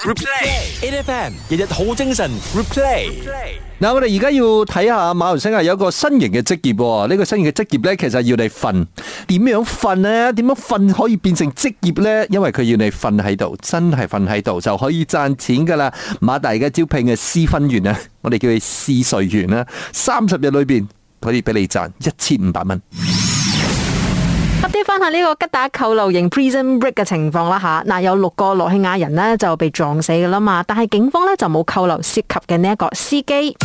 r e p l a y i fm 日日好精神。Replay，p Play。嗱，我哋而家要睇下馬雲升啊，有一個新型嘅職業。呢、這個新型嘅職業呢，其實要你瞓。點樣瞓咧？點樣瞓可以變成職業呢？因為佢要你瞓喺度，真係瞓喺度就可以賺錢噶啦。馬大而家招聘嘅私分員啊，我哋叫佢試睡員啦。三十日裏邊可以俾你賺一千五百蚊。搭啲翻下呢個吉打扣留型 prison break 嘅情況啦吓，嗱，有六個羅興亞人呢就被撞死噶啦嘛，但係警方呢就冇扣留涉及嘅呢一個司機。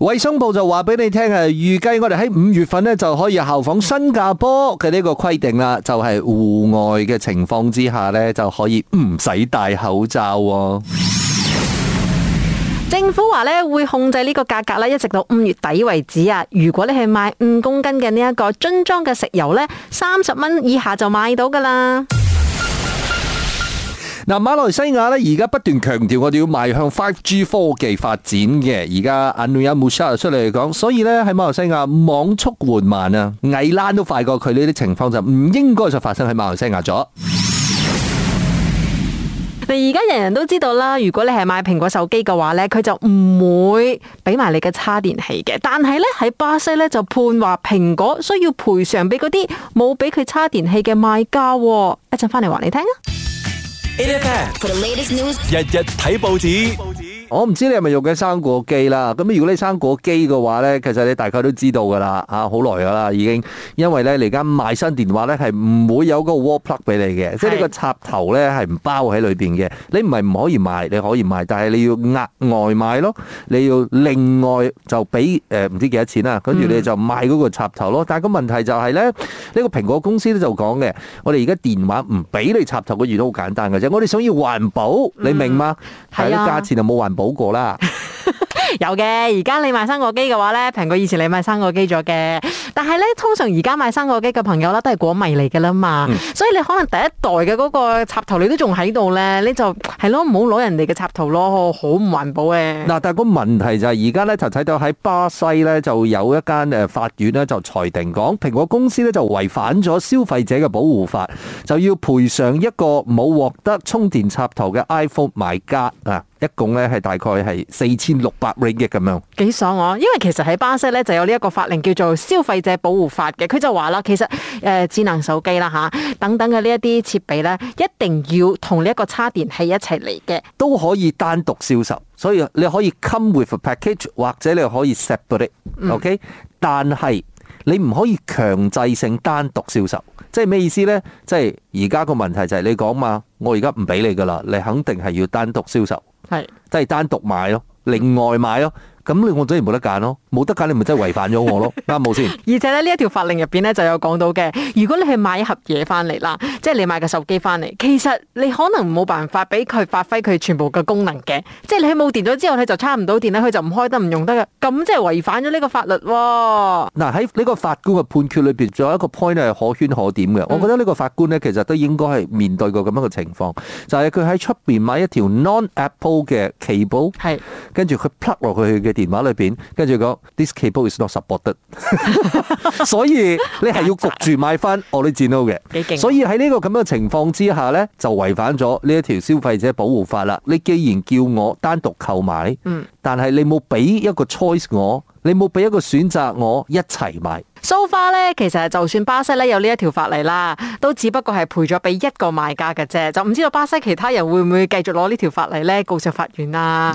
衛生部就話俾你聽啊，預計我哋喺五月份呢就可以效仿新加坡嘅呢個規定啦，就係、是、戶外嘅情況之下呢，就可以唔使戴口罩。政府話咧會控制呢個價格啦，一直到五月底為止啊。如果你係買五公斤嘅呢一個樽裝嘅食油咧，三十蚊以下就買到噶啦。嗱，馬來西亞咧而家不斷強調我哋要邁向 Five G 科技發展嘅，而家阿努阿穆沙出嚟講，所以咧喺馬來西亞網速緩慢啊，微爛都快過佢呢啲情況就唔應該就發生喺馬來西亞咗。你而家人人都知道啦，如果你係買蘋果手機嘅話咧，佢就唔會俾埋你嘅叉電器嘅。但係咧喺巴西咧就判話蘋果需要賠償俾嗰啲冇俾佢叉電器嘅賣家。一陣翻嚟話你聽啊！Japan, news, 日日睇報紙。報紙我唔知你係咪用緊生果機啦，咁如果你生果機嘅話咧，其實你大家都知道噶啦，好耐噶啦已經，因為咧你而家賣新電話咧係唔會有個 wall plug 俾你嘅，即係個插頭咧係唔包喺裏邊嘅。你唔係唔可以賣，你可以賣，但係你要額外賣咯，你要另外就俾誒唔知幾多錢啦、啊，跟住你就賣嗰個插頭咯。嗯、但係個問題就係咧，呢、這個蘋果公司咧就講嘅，我哋而家電話唔俾你插頭個原因都好簡單嘅啫，我哋想要環保，你明嗎？係、嗯、價、啊啊、錢就冇環保。好過啦，有嘅。而家你買生果機嘅話呢，平過以前你買生果機咗嘅。但係呢，通常而家買生果機嘅朋友啦，都係果迷嚟噶啦嘛、嗯，所以你可能第一代嘅嗰個插頭你都仲喺度呢，你就係咯，唔好攞人哋嘅插頭咯，好唔環保嘅嗱。但係個問題就係而家呢，就睇到喺巴西呢，就有一間誒法院呢，就裁定講蘋果公司呢，就違反咗消費者嘅保護法，就要賠償一個冇獲得充電插頭嘅 iPhone 買家啊。一共咧係大概係四千六百 ringgit 咁樣，幾爽我，因為其實喺巴西咧就有呢一個法令叫做消費者保護法嘅。佢就話啦，其實誒智能手機啦吓等等嘅呢一啲設備咧，一定要同呢一個叉電器一齊嚟嘅，都可以單獨銷售。所以你可以 come with a package，或者你可以 separate。O K，但係你唔可以強制性單獨銷售，即係咩意思呢？即係而家個問題就係你講嘛，我而家唔俾你噶啦，你肯定係要單獨銷售。即係單獨買咯，另外買咯。咁你我真係冇得揀咯，冇得揀你咪真係違反咗我咯，啱冇先？而且咧呢一條法令入邊咧就有講到嘅，如果你係買一盒嘢翻嚟啦，即係你買個手機翻嚟，其實你可能冇辦法俾佢發揮佢全部嘅功能嘅，即係你冇電咗之後佢就差唔到電咧，佢就唔開得唔用得噶，咁即係違反咗呢個法律。嗱，喺呢個法官嘅判決裏邊，仲有一個 point 係可圈可點嘅，我覺得呢個法官咧其實都應該係面對過咁樣嘅情況，就係佢喺出邊買一條 non Apple 嘅 cable 係，跟住佢 plug 落去嘅。電話裏邊跟住講，this cable is not supported， 所以你係要焗住買翻 original 嘅。幾勁，啊！所以喺呢個咁樣嘅情況之下呢，就違反咗呢一條消費者保護法啦。你既然叫我單獨購買，嗯，但係你冇俾一個 choice 我，你冇俾一個選擇我一齊買。蘇花呢，其實就算巴西咧有呢一條法例啦，都只不過係賠咗俾一個賣家嘅啫。就唔知道巴西其他人會唔會繼續攞呢條法例呢告上法院啊？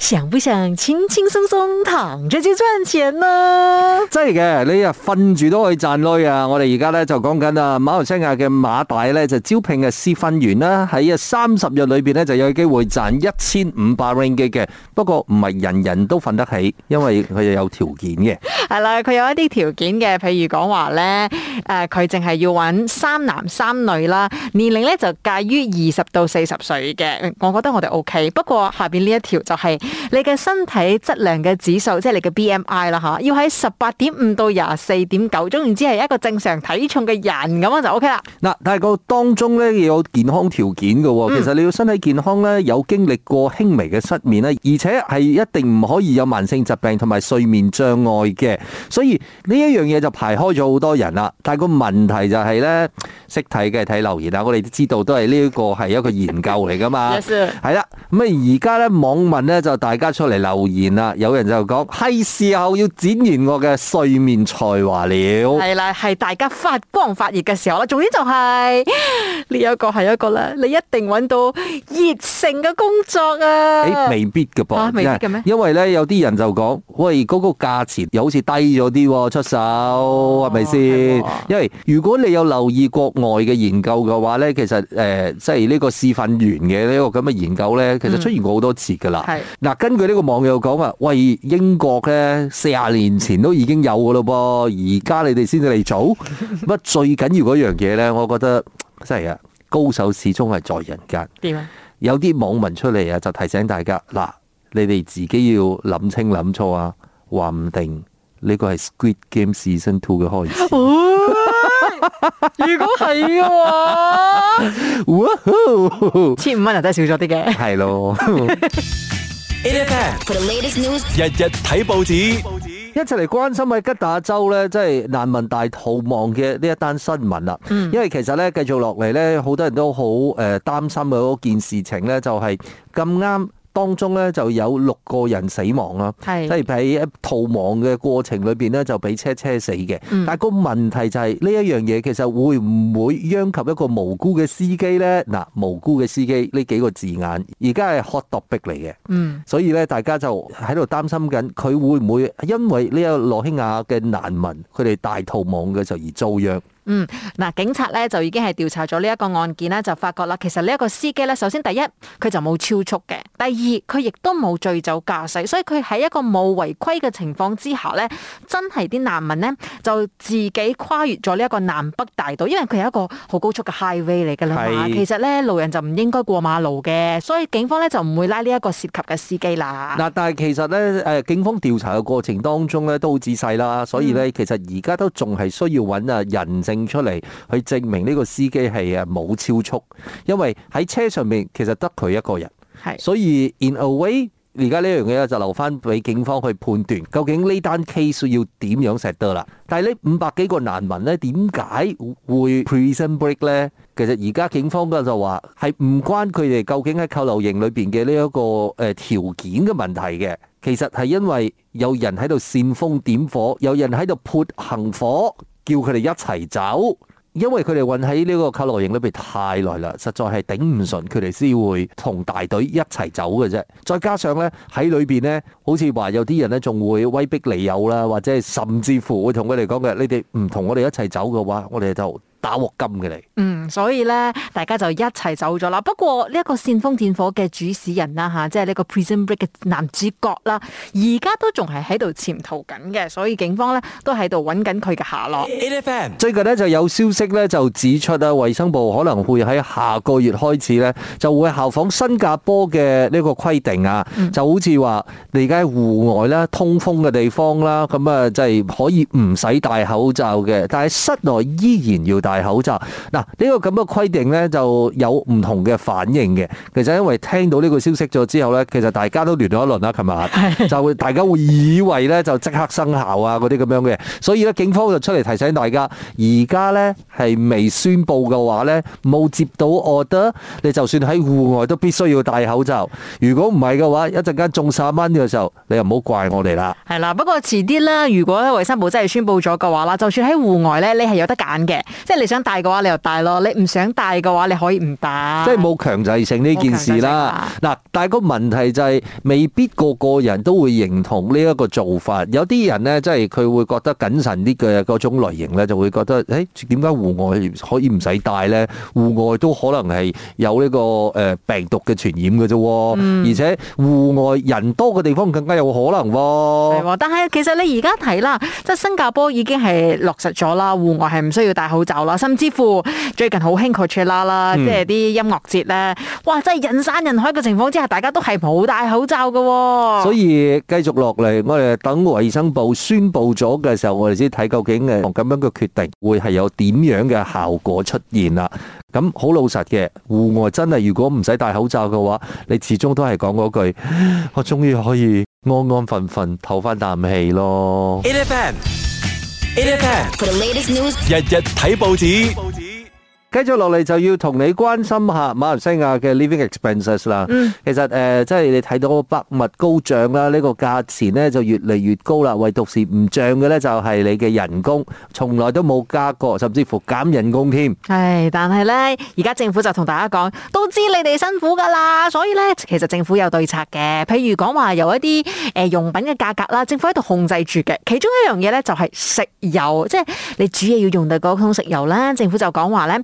想不想輕輕鬆鬆躺着就賺錢呢？真係嘅，你啊瞓住都可以賺女啊！我哋而家咧就講緊啊，馬來西亞嘅馬大咧就招聘嘅私分員啦，喺啊三十日裏邊咧就有機會賺一千五百 ringgit 嘅。不過唔係人人都瞓得起，因為佢又有條件嘅。係啦，佢有一啲條件嘅，譬如講話咧，誒、呃，佢淨係要搵三男三女啦，年齡咧就介於二十到四十歲嘅。我覺得我哋 OK，不過下邊呢一條就係、是。你嘅身體質量嘅指數，即係你嘅 B M I 啦，吓，要喺十八點五到廿四點九，總然之係一個正常體重嘅人咁啊就 O K 啦。嗱，但係個當中咧要有健康條件嘅、嗯，其實你要身體健康咧，有經歷過輕微嘅失眠咧，而且係一定唔可以有慢性疾病同埋睡眠障礙嘅，所以呢一樣嘢就排開咗好多人啦。但係個問題就係咧，識睇嘅睇留言啊，我哋都知道都係呢一個係一個研究嚟噶嘛，係、yes, 啦。咁啊而家咧網民咧就。大家出嚟留言啦！有人就講係時候要展現我嘅睡眠才華了。係啦，係大家發光發熱嘅時候啦。總之就係、是、呢一個係一個啦，你一定揾到熱誠嘅工作啊！誒、欸，未必嘅噃、啊，未必嘅咩？因為咧，有啲人就講喂，嗰、那個價錢又好似低咗啲喎，出手係咪先？因為如果你有留意國外嘅研究嘅話咧，其實誒、呃，即係呢個試訓員嘅呢個咁嘅研究咧，其實出現過好多次噶啦。係、嗯。根據呢個網友講啊，喂，英國咧四十年前都已經有喇咯噃，而家你哋先至嚟做乜？ 最緊要嗰樣嘢咧，我覺得真係啊，高手始終係在人間。點啊？有啲網民出嚟啊，就提醒大家，嗱，你哋自己要諗清諗錯啊，話唔定呢個係《 Squid Game Season Two》嘅開始。 如果係嘅話，千五蚊人真係少咗啲嘅。係 是咯。 Japan, news, 日日睇報紙，一齊嚟關心喺吉打州呢，即係難民大逃亡嘅呢一單新聞啦。嗯，因為其實呢，繼續落嚟呢，好多人都好誒擔心嘅嗰件事情呢，就係咁啱。當中咧就有六個人死亡啦，即係喺逃亡嘅過程裏邊咧就俾車車死嘅。嗯。但係個問題就係、是、呢一樣嘢，其實會唔會殃及一個無辜嘅司機咧？嗱，無辜嘅司機呢幾個字眼，而家係 h 毒逼嚟嘅，所以咧大家就喺度擔心緊，佢會唔會因為呢個羅興亞嘅難民佢哋大逃亡嘅就而遭殃？嗯，嗱，警察咧就已經係調查咗呢一個案件啦，就發覺啦，其實呢一個司機咧，首先第一佢就冇超速嘅，第二佢亦都冇醉酒駕駛，所以佢喺一個冇違規嘅情況之下咧，真係啲難民咧就自己跨越咗呢一個南北大道，因為佢係一個好高速嘅 highway 嚟㗎啦嘛。其實咧，路人就唔應該過馬路嘅，所以警方咧就唔會拉呢一個涉及嘅司機啦。嗱，嗯，但係其實咧，誒，警方調查嘅過程當中咧都好仔細啦，所以咧其實而家都仲係需要揾啊人。定出嚟去證明呢個司機係誒冇超速，因為喺車上面其實得佢一個人，係所以 in a way 而家呢樣嘢就留翻俾警方去判斷究竟呢單 case 要點樣實得啦。但係呢五百幾個難民咧，點解會 prison break 咧？其實而家警方嘅，就話係唔關佢哋究竟喺扣留營裏邊嘅呢一個誒條件嘅問題嘅，其實係因為有人喺度煽風點火，有人喺度潑行火。叫佢哋一齊走，因為佢哋困喺呢個卡洛營裏邊太耐啦，實在係頂唔順，佢哋先會同大隊一齊走嘅啫。再加上咧，喺裏邊咧，好似話有啲人咧仲會威逼利誘啦，或者甚至乎會同佢哋講嘅，你哋唔同我哋一齊走嘅話，我哋就。打鑊金嘅嚟，嗯，所以咧，大家就一齊走咗啦。不過呢一個煽風點火嘅主使人啦，嚇、啊，即係呢個 prison break 嘅男主角啦，而、啊、家都仲係喺度潛逃緊嘅，所以警方咧都喺度揾緊佢嘅下落。最近呢，就有消息咧就指出啊，衞生部可能會喺下個月開始咧就會效仿新加坡嘅呢個規定啊、嗯，就好似話你而家喺戶外啦、通風嘅地方啦，咁啊即係可以唔使戴口罩嘅，但係室內依然要戴。戴口罩嗱，呢個咁嘅規定呢就有唔同嘅反應嘅。其實因為聽到呢個消息咗之後呢，其實大家都亂咗一輪啦。琴日 就大家會以為呢就即刻生效啊，嗰啲咁樣嘅，所以呢，警方就出嚟提醒大家，而家呢係未宣布嘅話呢，冇接到 order，你就算喺戶外都必須要戴口罩。如果唔係嘅話，一陣間中晒蚊嘅時候，你又唔好怪我哋啦。係啦，不過遲啲啦，如果衛生部真係宣布咗嘅話啦，就算喺戶外呢，你係有得揀嘅，即係。你想戴嘅話，你就戴咯；你唔想戴嘅話，你可以唔戴。即係冇強制性呢件事啦。嗱、啊，但係個問題就係、是、未必個個人都會認同呢一個做法。有啲人咧，即係佢會覺得謹慎啲嘅嗰種類型咧，就會覺得誒點解戶外可以唔使戴咧？戶外都可能係有呢個誒病毒嘅傳染嘅啫、嗯。而且戶外人多嘅地方更加有可能、哦嗯、但係其實你而家睇啦，即係新加坡已經係落實咗啦，戶外係唔需要戴口罩咯。甚至乎最近好興 c o 啦，即係啲音樂節呢。哇！真係人山人海嘅情況之下，大家都係冇戴口罩嘅、哦。所以繼續落嚟，我哋等衛生部宣布咗嘅時候，我哋先睇究竟誒咁樣嘅決定會係有點樣嘅效果出現啦。咁好老實嘅戶外真係，如果唔使戴口罩嘅話，你始終都係講嗰句：我終於可以安安分分唞翻啖氣咯。Eleven. 日日睇報紙。報紙繼續落嚟就要同你關心下馬來西亞嘅 living expenses 啦。其實誒，即係你睇到個百物高漲啦，呢個價錢呢就越嚟越高啦。唯獨是唔漲嘅呢，就係你嘅人工，從來都冇加過，甚至乎減人工添。係，但係呢，而家政府就同大家講，都知你哋辛苦噶啦，所以呢，其實政府有對策嘅。譬如講話有一啲誒用品嘅價格啦，政府喺度控制住嘅。其中一樣嘢呢，就係食油，即係你煮嘢要用到嗰桶食油啦。政府就講話呢。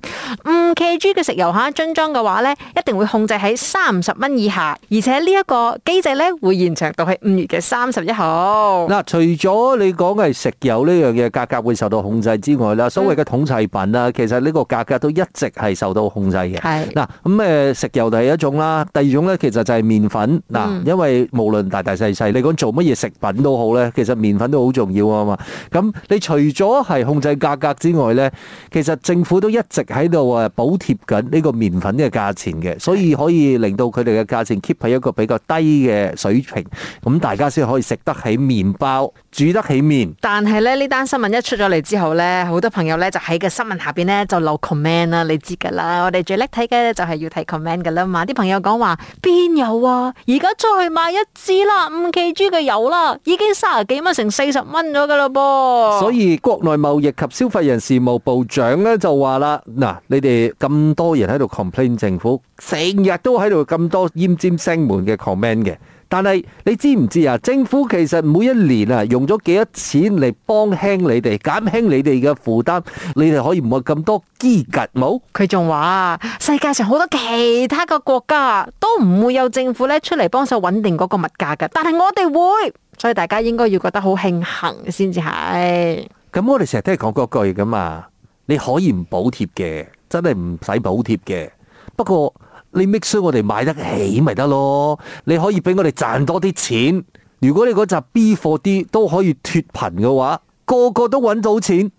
五 Kg 嘅食油吓樽裝嘅話呢，一定會控制喺三十蚊以下，而且呢一個機制呢會延長到喺五月嘅三十一號。嗱，除咗你講嘅係食油呢樣嘢價格會受到控制之外啦，所謂嘅統制品啊，其實呢個價格都一直係受到控制嘅。係嗱，咁誒食油就係一種啦，第二種呢其實就係麵粉。嗱，因為無論大大細細，你講做乜嘢食品都好呢，其實麵粉都好重要啊嘛。咁你除咗係控制價格之外呢，其實政府都一直喺。喺度啊，補貼緊呢個麵粉嘅價錢嘅，所以可以令到佢哋嘅價錢 keep 喺一個比較低嘅水平，咁大家先可以食得起麵包，煮得起麵。但係咧，呢單新聞一出咗嚟之後呢，好多朋友呢就喺個新聞下邊呢就留 comment 啦。你知㗎啦，我哋最叻睇嘅就係要睇 comment 㗎啦嘛。啲朋友講話邊有啊？而家再去買一支啦，五 Kg 嘅油啦，已經三十幾蚊成四十蚊咗㗎啦噃。所以國內貿易及消費人事務部長呢就話啦，嗱。你哋咁多人喺度 complain 政府，成日都喺度咁多奄尖腥悶嘅 comment 嘅，但係你知唔知啊？政府其實每一年啊，用咗幾多錢嚟幫輕你哋，減輕你哋嘅負擔，你哋可以唔會咁多糾結冇？佢仲話世界上好多其他嘅國家都唔會有政府咧出嚟幫手穩定嗰個物價嘅，但係我哋會，所以大家應該要覺得好慶幸先至係。咁我哋成日都係講嗰句噶嘛。你可以唔補貼嘅，真係唔使補貼嘅。不過你 make sure 我哋買得起咪得咯。你可以俾我哋賺多啲錢。如果你嗰集 B 貨啲都可以脱貧嘅話，個個都揾到錢，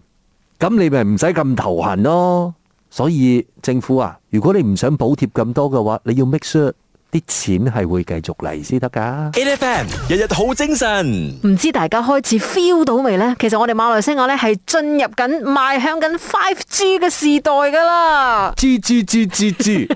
咁你咪唔使咁頭痕咯。所以政府啊，如果你唔想補貼咁多嘅話，你要 make sure。啲錢係會繼續嚟先得噶。a F M 日日好精神。唔知大家開始 feel 到未呢？其實我哋馬來西亞咧係進入緊邁向緊 Five G 嘅時代噶啦。G G G G G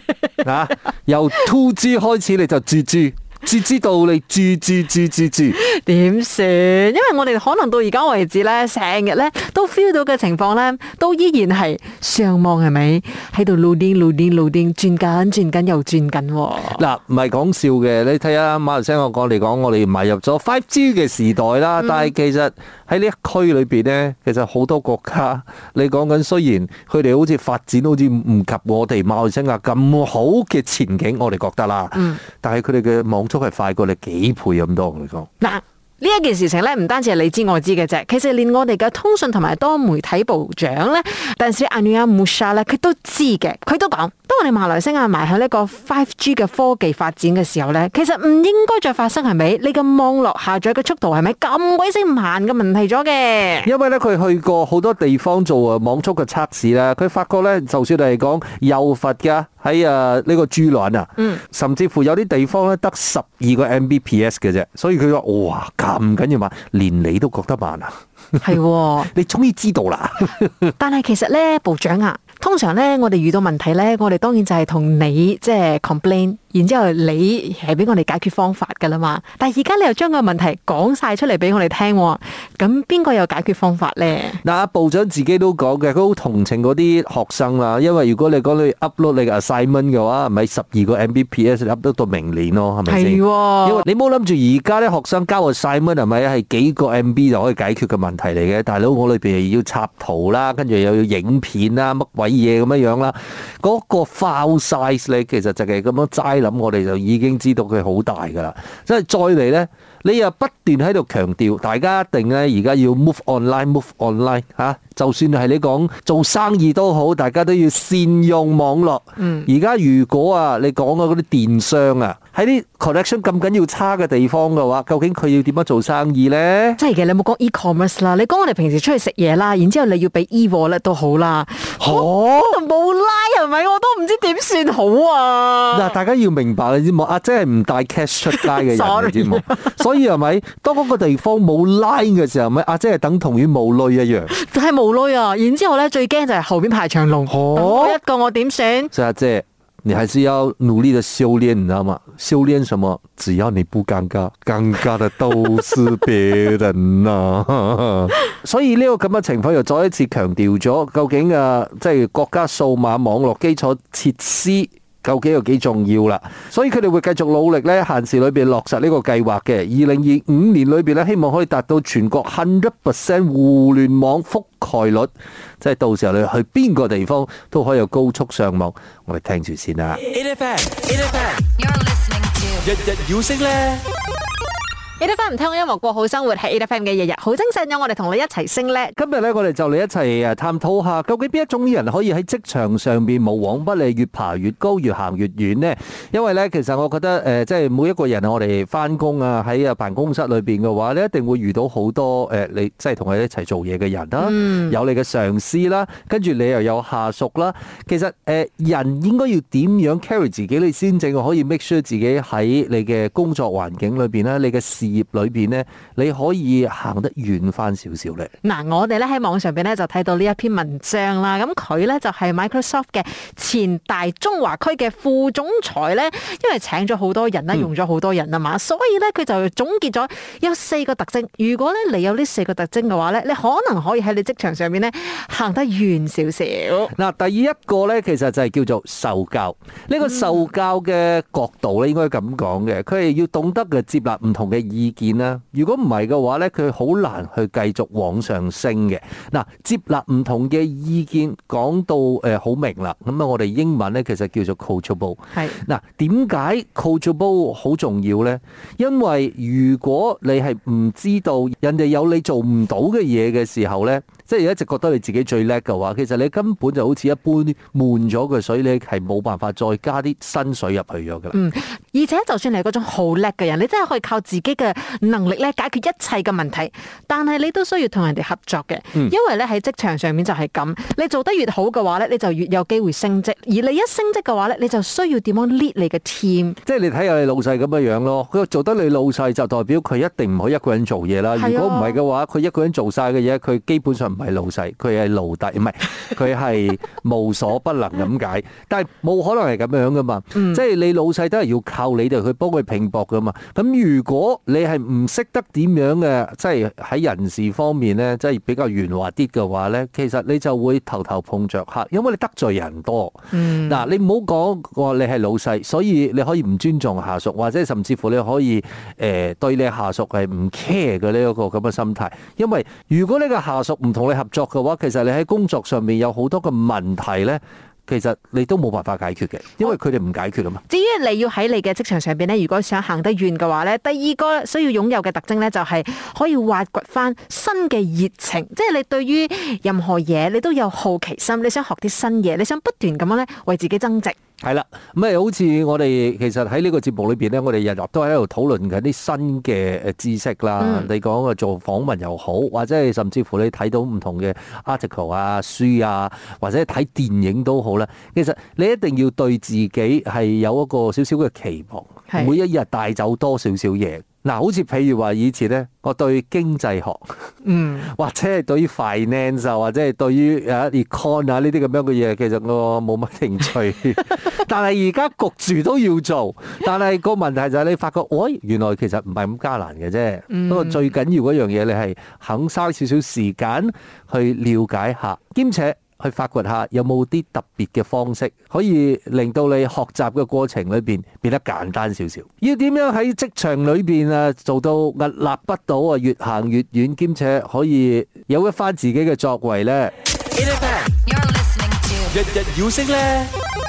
啊，由 Two G 開始你就 G G。知知道你知知知知知點算？因為我哋可能到而家為止咧，成日咧都 feel 到嘅情況咧，都依然係上網？係咪？喺度 loading loading loading 轉緊轉緊又轉緊。嗱，唔係講笑嘅，你睇下馬來西亞講嚟講，我哋唔係入咗 Five G 嘅時代啦。但係其實喺呢一區裏邊咧，其實好多國家，你講緊雖然佢哋好似發展好似唔及我哋馬來西亞咁好嘅前景，我哋覺得啦。嗯。但係佢哋嘅網。都係快過你幾倍咁多，我講嗱。呢一件事情咧，唔單止係你知我知嘅啫，其實連我哋嘅通訊同埋多媒體部長咧，大使阿穆沙咧，佢都知嘅，佢都講，當我哋馬來西亞埋響呢個 5G 嘅科技發展嘅時候咧，其實唔應該再發生係咪？你個網絡下載嘅速度係咪咁鬼死慢嘅問題咗嘅？因為咧，佢去過好多地方做啊網速嘅測試啦，佢發覺咧，就算係講柔佛嘅喺啊呢個居鑾啊，嗯，甚至乎有啲地方咧得十二個 Mbps 嘅啫，所以佢話哇，唔緊要話，連你都覺得慢啊，係， 你終於知道啦。 但係其實咧，部長啊。通常咧，我哋遇到問題咧，我哋當然就係同你即係、就是、complain，然之後你係俾我哋解決方法噶啦嘛。但係而家你又將個問題講晒出嚟俾我哋聽，咁邊個有解決方法咧？嗱，阿部長自己都講嘅，佢好同情嗰啲學生啦。因為如果你講你 upload 你嘅 assignment 嘅話，咪十二個 MBPS upload 到明年咯，係咪先？喎、啊，因為你冇諗住而家啲學生交 assignment 咪係幾個 MB 就可以解決嘅問題嚟嘅？大佬我裏邊要插圖啦，跟住又要影片啦，乜鬼嘢咁樣啦，嗰個 file size 咧，其實就係咁樣齋諗，我哋就已經知道佢好大噶啦。即係再嚟咧，你又不斷喺度強調，大家一定咧而家要 move online，move online, move online、啊、就算係你講做生意都好，大家都要善用網絡。嗯，而家如果啊，你講嗰啲電商啊。喺啲 collection 咁緊要差嘅地方嘅話，究竟佢要點樣做生意咧？即係嘅，你冇講 e-commerce 啦，你講我哋平時出去食嘢啦，然之後你要俾 e-wallet 都好啦。好、哦，冇、哦、line 係咪？我都唔知點算好啊！嗱，大家要明白你知冇？阿姐係唔帶 cash 出街嘅人 你所以係咪？當嗰個地方冇 line 嘅時候，咪阿姐係等同於冇類一樣。係、就、冇、是、類啊！然之後咧，最驚就係後邊排長龍，好，一個我點算？謝阿姐。你還是要努力的修煉，你知道嗎？修煉什麼？只要你不尷尬，尷尬的都是別人呐、啊。 所以呢個咁嘅情況又再一次強調咗，究竟啊，即、就、係、是、國家數碼網絡基礎設施。究竟有幾重要啦？所以佢哋會繼續努力咧，限時裏邊落實呢個計劃嘅。二零二五年裏邊咧，希望可以達到全國 hundred percent 互聯網覆蓋率，即係到時候你去邊個地方都可以有高速上網。我哋聽住先啦。日日 A.F.M. 唔聽音樂，過好生活係 f m 嘅。日日好精神，我哋同你一齊升叻。今日咧，我哋就嚟一齊誒，探討下，究竟邊一種人可以喺職場上邊無往不利，越爬越高，越行越遠呢？因為咧，其實我覺得誒，即係每一個人，我哋翻工啊，喺啊辦公室裏邊嘅話咧，你一定會遇到好多誒，你即係同佢一齊做嘢嘅人啦、啊，有你嘅上司啦、啊，跟住你又有下屬啦。其實誒，人應該要點樣 carry 自己，你先至可以 make sure 自己喺你嘅工作環境裏邊咧，你嘅事。業裏邊咧，你可以行得遠翻少少咧。嗱，我哋咧喺網上邊咧就睇到呢一篇文章啦。咁佢咧就係 Microsoft 嘅前大中華區嘅副總裁咧，因為請咗好多人咧，用咗好多人啊嘛，所以咧佢就總結咗有四個特徵。如果咧你有呢四個特徵嘅話咧，你可能可以喺你職場上面咧行得遠少少。嗱，第一個咧其實就係叫做受教。呢個受教嘅角度咧應該咁講嘅，佢係要懂得嘅接納唔同嘅意義。意見啦，如果唔係嘅話咧，佢好難去繼續往上升嘅。嗱，接納唔同嘅意見講到誒好明啦。咁啊，我哋英文咧其實叫做 coachable。係，嗱，點解 coachable 好重要咧？因為如果你係唔知道人哋有你做唔到嘅嘢嘅時候咧。即係一直覺得你自己最叻嘅話，其實你根本就好似一般滿咗嘅水你係冇辦法再加啲新水入去咗㗎啦。嗯，而且就算你係嗰種好叻嘅人，你真係可以靠自己嘅能力咧解決一切嘅問題，但係你都需要同人哋合作嘅，因為咧喺職場上面就係咁。你做得越好嘅話咧，你就越有機會升職，而你一升職嘅話咧，你就需要點樣 lead 你嘅 team。即係你睇下你老細咁嘅樣咯，佢做得你老細就代表佢一定唔可以一個人做嘢啦。係啊，如果唔係嘅話，佢一個人做晒嘅嘢，佢基本上。係老細，佢係奴隸唔係，佢係無所不能咁解。 但係冇可能係咁樣噶嘛，嗯、即係你老細都係要靠你哋去幫佢拼搏噶嘛。咁如果你係唔識得點樣嘅，即係喺人事方面咧，即係比較圓滑啲嘅話咧，其實你就會頭頭碰着黑，因為你得罪人多。嗱、嗯，你唔好講話你係老細，所以你可以唔尊重下屬，或者甚至乎你可以誒、呃、對你下屬係唔 care 嘅呢一個咁嘅心態，因為如果你個下屬唔同你合作嘅話，其實你喺工作上面有好多嘅問題呢，其實你都冇辦法解決嘅，因為佢哋唔解決㗎嘛。至於你要喺你嘅職場上邊呢，如果想行得遠嘅話呢，第二個需要擁有嘅特徵呢，就係可以挖掘翻新嘅熱情，即係你對於任何嘢你都有好奇心，你想學啲新嘢，你想不斷咁樣呢，為自己增值。係啦，咁、嗯、啊，好似我哋其實喺呢個節目裏邊咧，我哋日日都喺度討論緊啲新嘅誒知識啦、嗯。你講做訪問又好，或者係甚至乎你睇到唔同嘅 article 啊、書啊，或者睇電影都好啦。其實你一定要對自己係有一個少少嘅期望，每一日帶走多少少嘢。嗱，好似譬如話以前咧，我對經濟學，嗯，或者係對於 finance 啊，或者係對於誒 econ 啊呢啲咁樣嘅嘢，其實我冇乜興趣。但係而家焗住都要做，但係個問題就係你發覺，哦、哎，原來其實唔係咁加難嘅啫。不過最緊要嗰樣嘢，你係肯嘥少少時間去了解下，兼且，去發掘下有冇啲特別嘅方式，可以令到你學習嘅過程裏邊變得簡單少少。要點樣喺職場裏邊啊做到屹立不倒啊，越行越遠，兼且可以有一番自己嘅作為呢？Japan, to... 日日要升呢。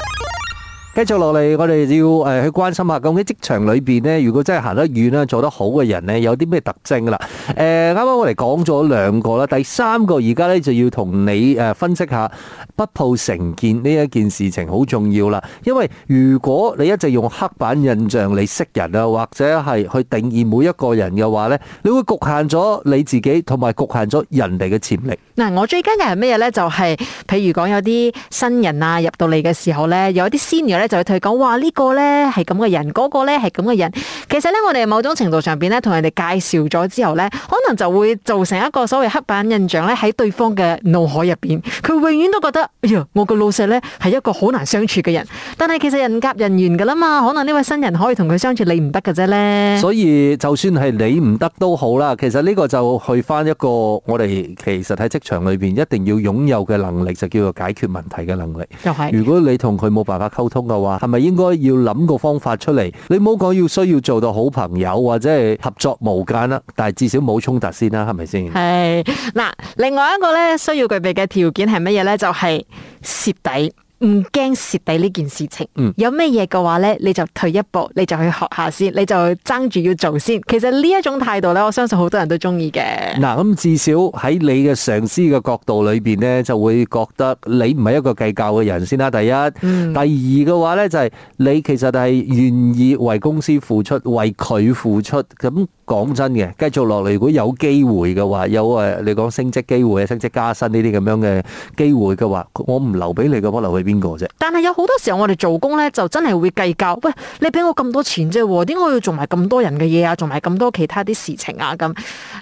繼續落嚟，我哋要誒去關心一下，咁喺職場裏邊呢，如果真係行得遠啦，做得好嘅人呢，有啲咩特徵啦？誒、呃，啱啱我哋講咗兩個啦，第三個而家呢，就要同你誒分析一下不抱成見呢一件事情好重要啦。因為如果你一直用刻板印象嚟識人啊，或者係去定義每一個人嘅話呢，你會局限咗你自己，同埋局限咗人哋嘅潛力。嗱、啊，我最驚嘅係咩嘢呢？就係、是、譬如講有啲新人啊入到嚟嘅時候呢，有啲先、啊。就同佢講話，哇呢個呢係咁嘅人，嗰個呢係咁嘅人。其實呢，我哋某種程度上邊呢，同人哋介紹咗之後呢，可能就會造成一個所謂刻板印象呢喺對方嘅腦海入邊，佢永遠都覺得，哎呀，我個老細呢係一個好難相處嘅人。但係其實人夾人緣噶啦嘛，可能呢位新人可以同佢相處，你唔得嘅啫呢。所以就算係你唔得都好啦，其實呢個就去翻一個我哋其實喺職場裏邊一定要擁有嘅能力，就叫做解決問題嘅能力。係、就是，如果你同佢冇辦法溝通。就係咪應該要諗個方法出嚟？你唔好講要需要做到好朋友或者係合作無間啦，但係至少冇衝突先啦，係咪先？係。嗱，另外一個咧需要具備嘅條件係乜嘢咧？就係、是、蝕底。唔驚蝕底呢件事情，有咩嘢嘅話呢？你就退一步，你就去學下先，你就爭住要做先。其實呢一種態度呢，我相信好多人都中意嘅。嗱，咁至少喺你嘅上司嘅角度裏邊呢，就會覺得你唔係一個計較嘅人先啦。第一，第二嘅話呢，就係你其實係願意為公司付出，為佢付出。咁講真嘅，繼續落嚟，如果有機會嘅話，有誒你講升職機會升職加薪呢啲咁樣嘅機會嘅話，我唔留俾你嘅，我留去邊個啫？但係有好多時候我哋做工咧，就真係會計較。喂，你俾我咁多錢啫，點解我要做埋咁多人嘅嘢？啊做埋咁多其他啲事情？啊咁，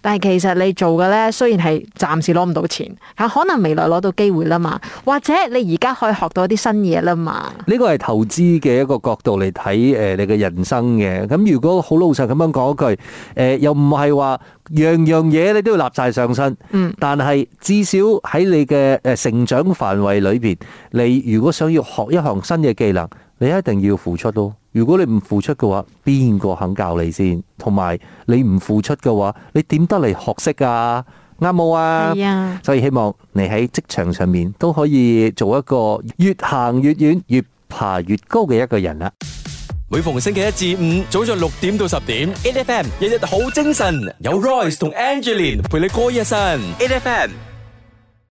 但係其實你做嘅咧，雖然係暫時攞唔到錢，但可能未來攞到機會啦嘛，或者你而家可以學到啲新嘢啦嘛。呢個係投資嘅一個角度嚟睇，誒、呃，你嘅人生嘅。咁如果好老實咁樣講一句，誒、呃，又唔係話。樣樣嘢，你都要立晒上身，嗯，但係至少喺你嘅誒成長範圍裏邊，你如果想要學一項新嘅技能，你一定要付出咯。如果你唔付出嘅話，邊個肯教你先？同埋你唔付出嘅話，你點得嚟學識噶呀？啱冇呀？係啊，所以希望你喺職場上面都可以做一個越行越遠、越爬越高嘅一個人啊！每逢星期一至五，早上六點到十點，A F M 日日好精神，有 Royce 同 Angelina 陪你過一生。A F M。FM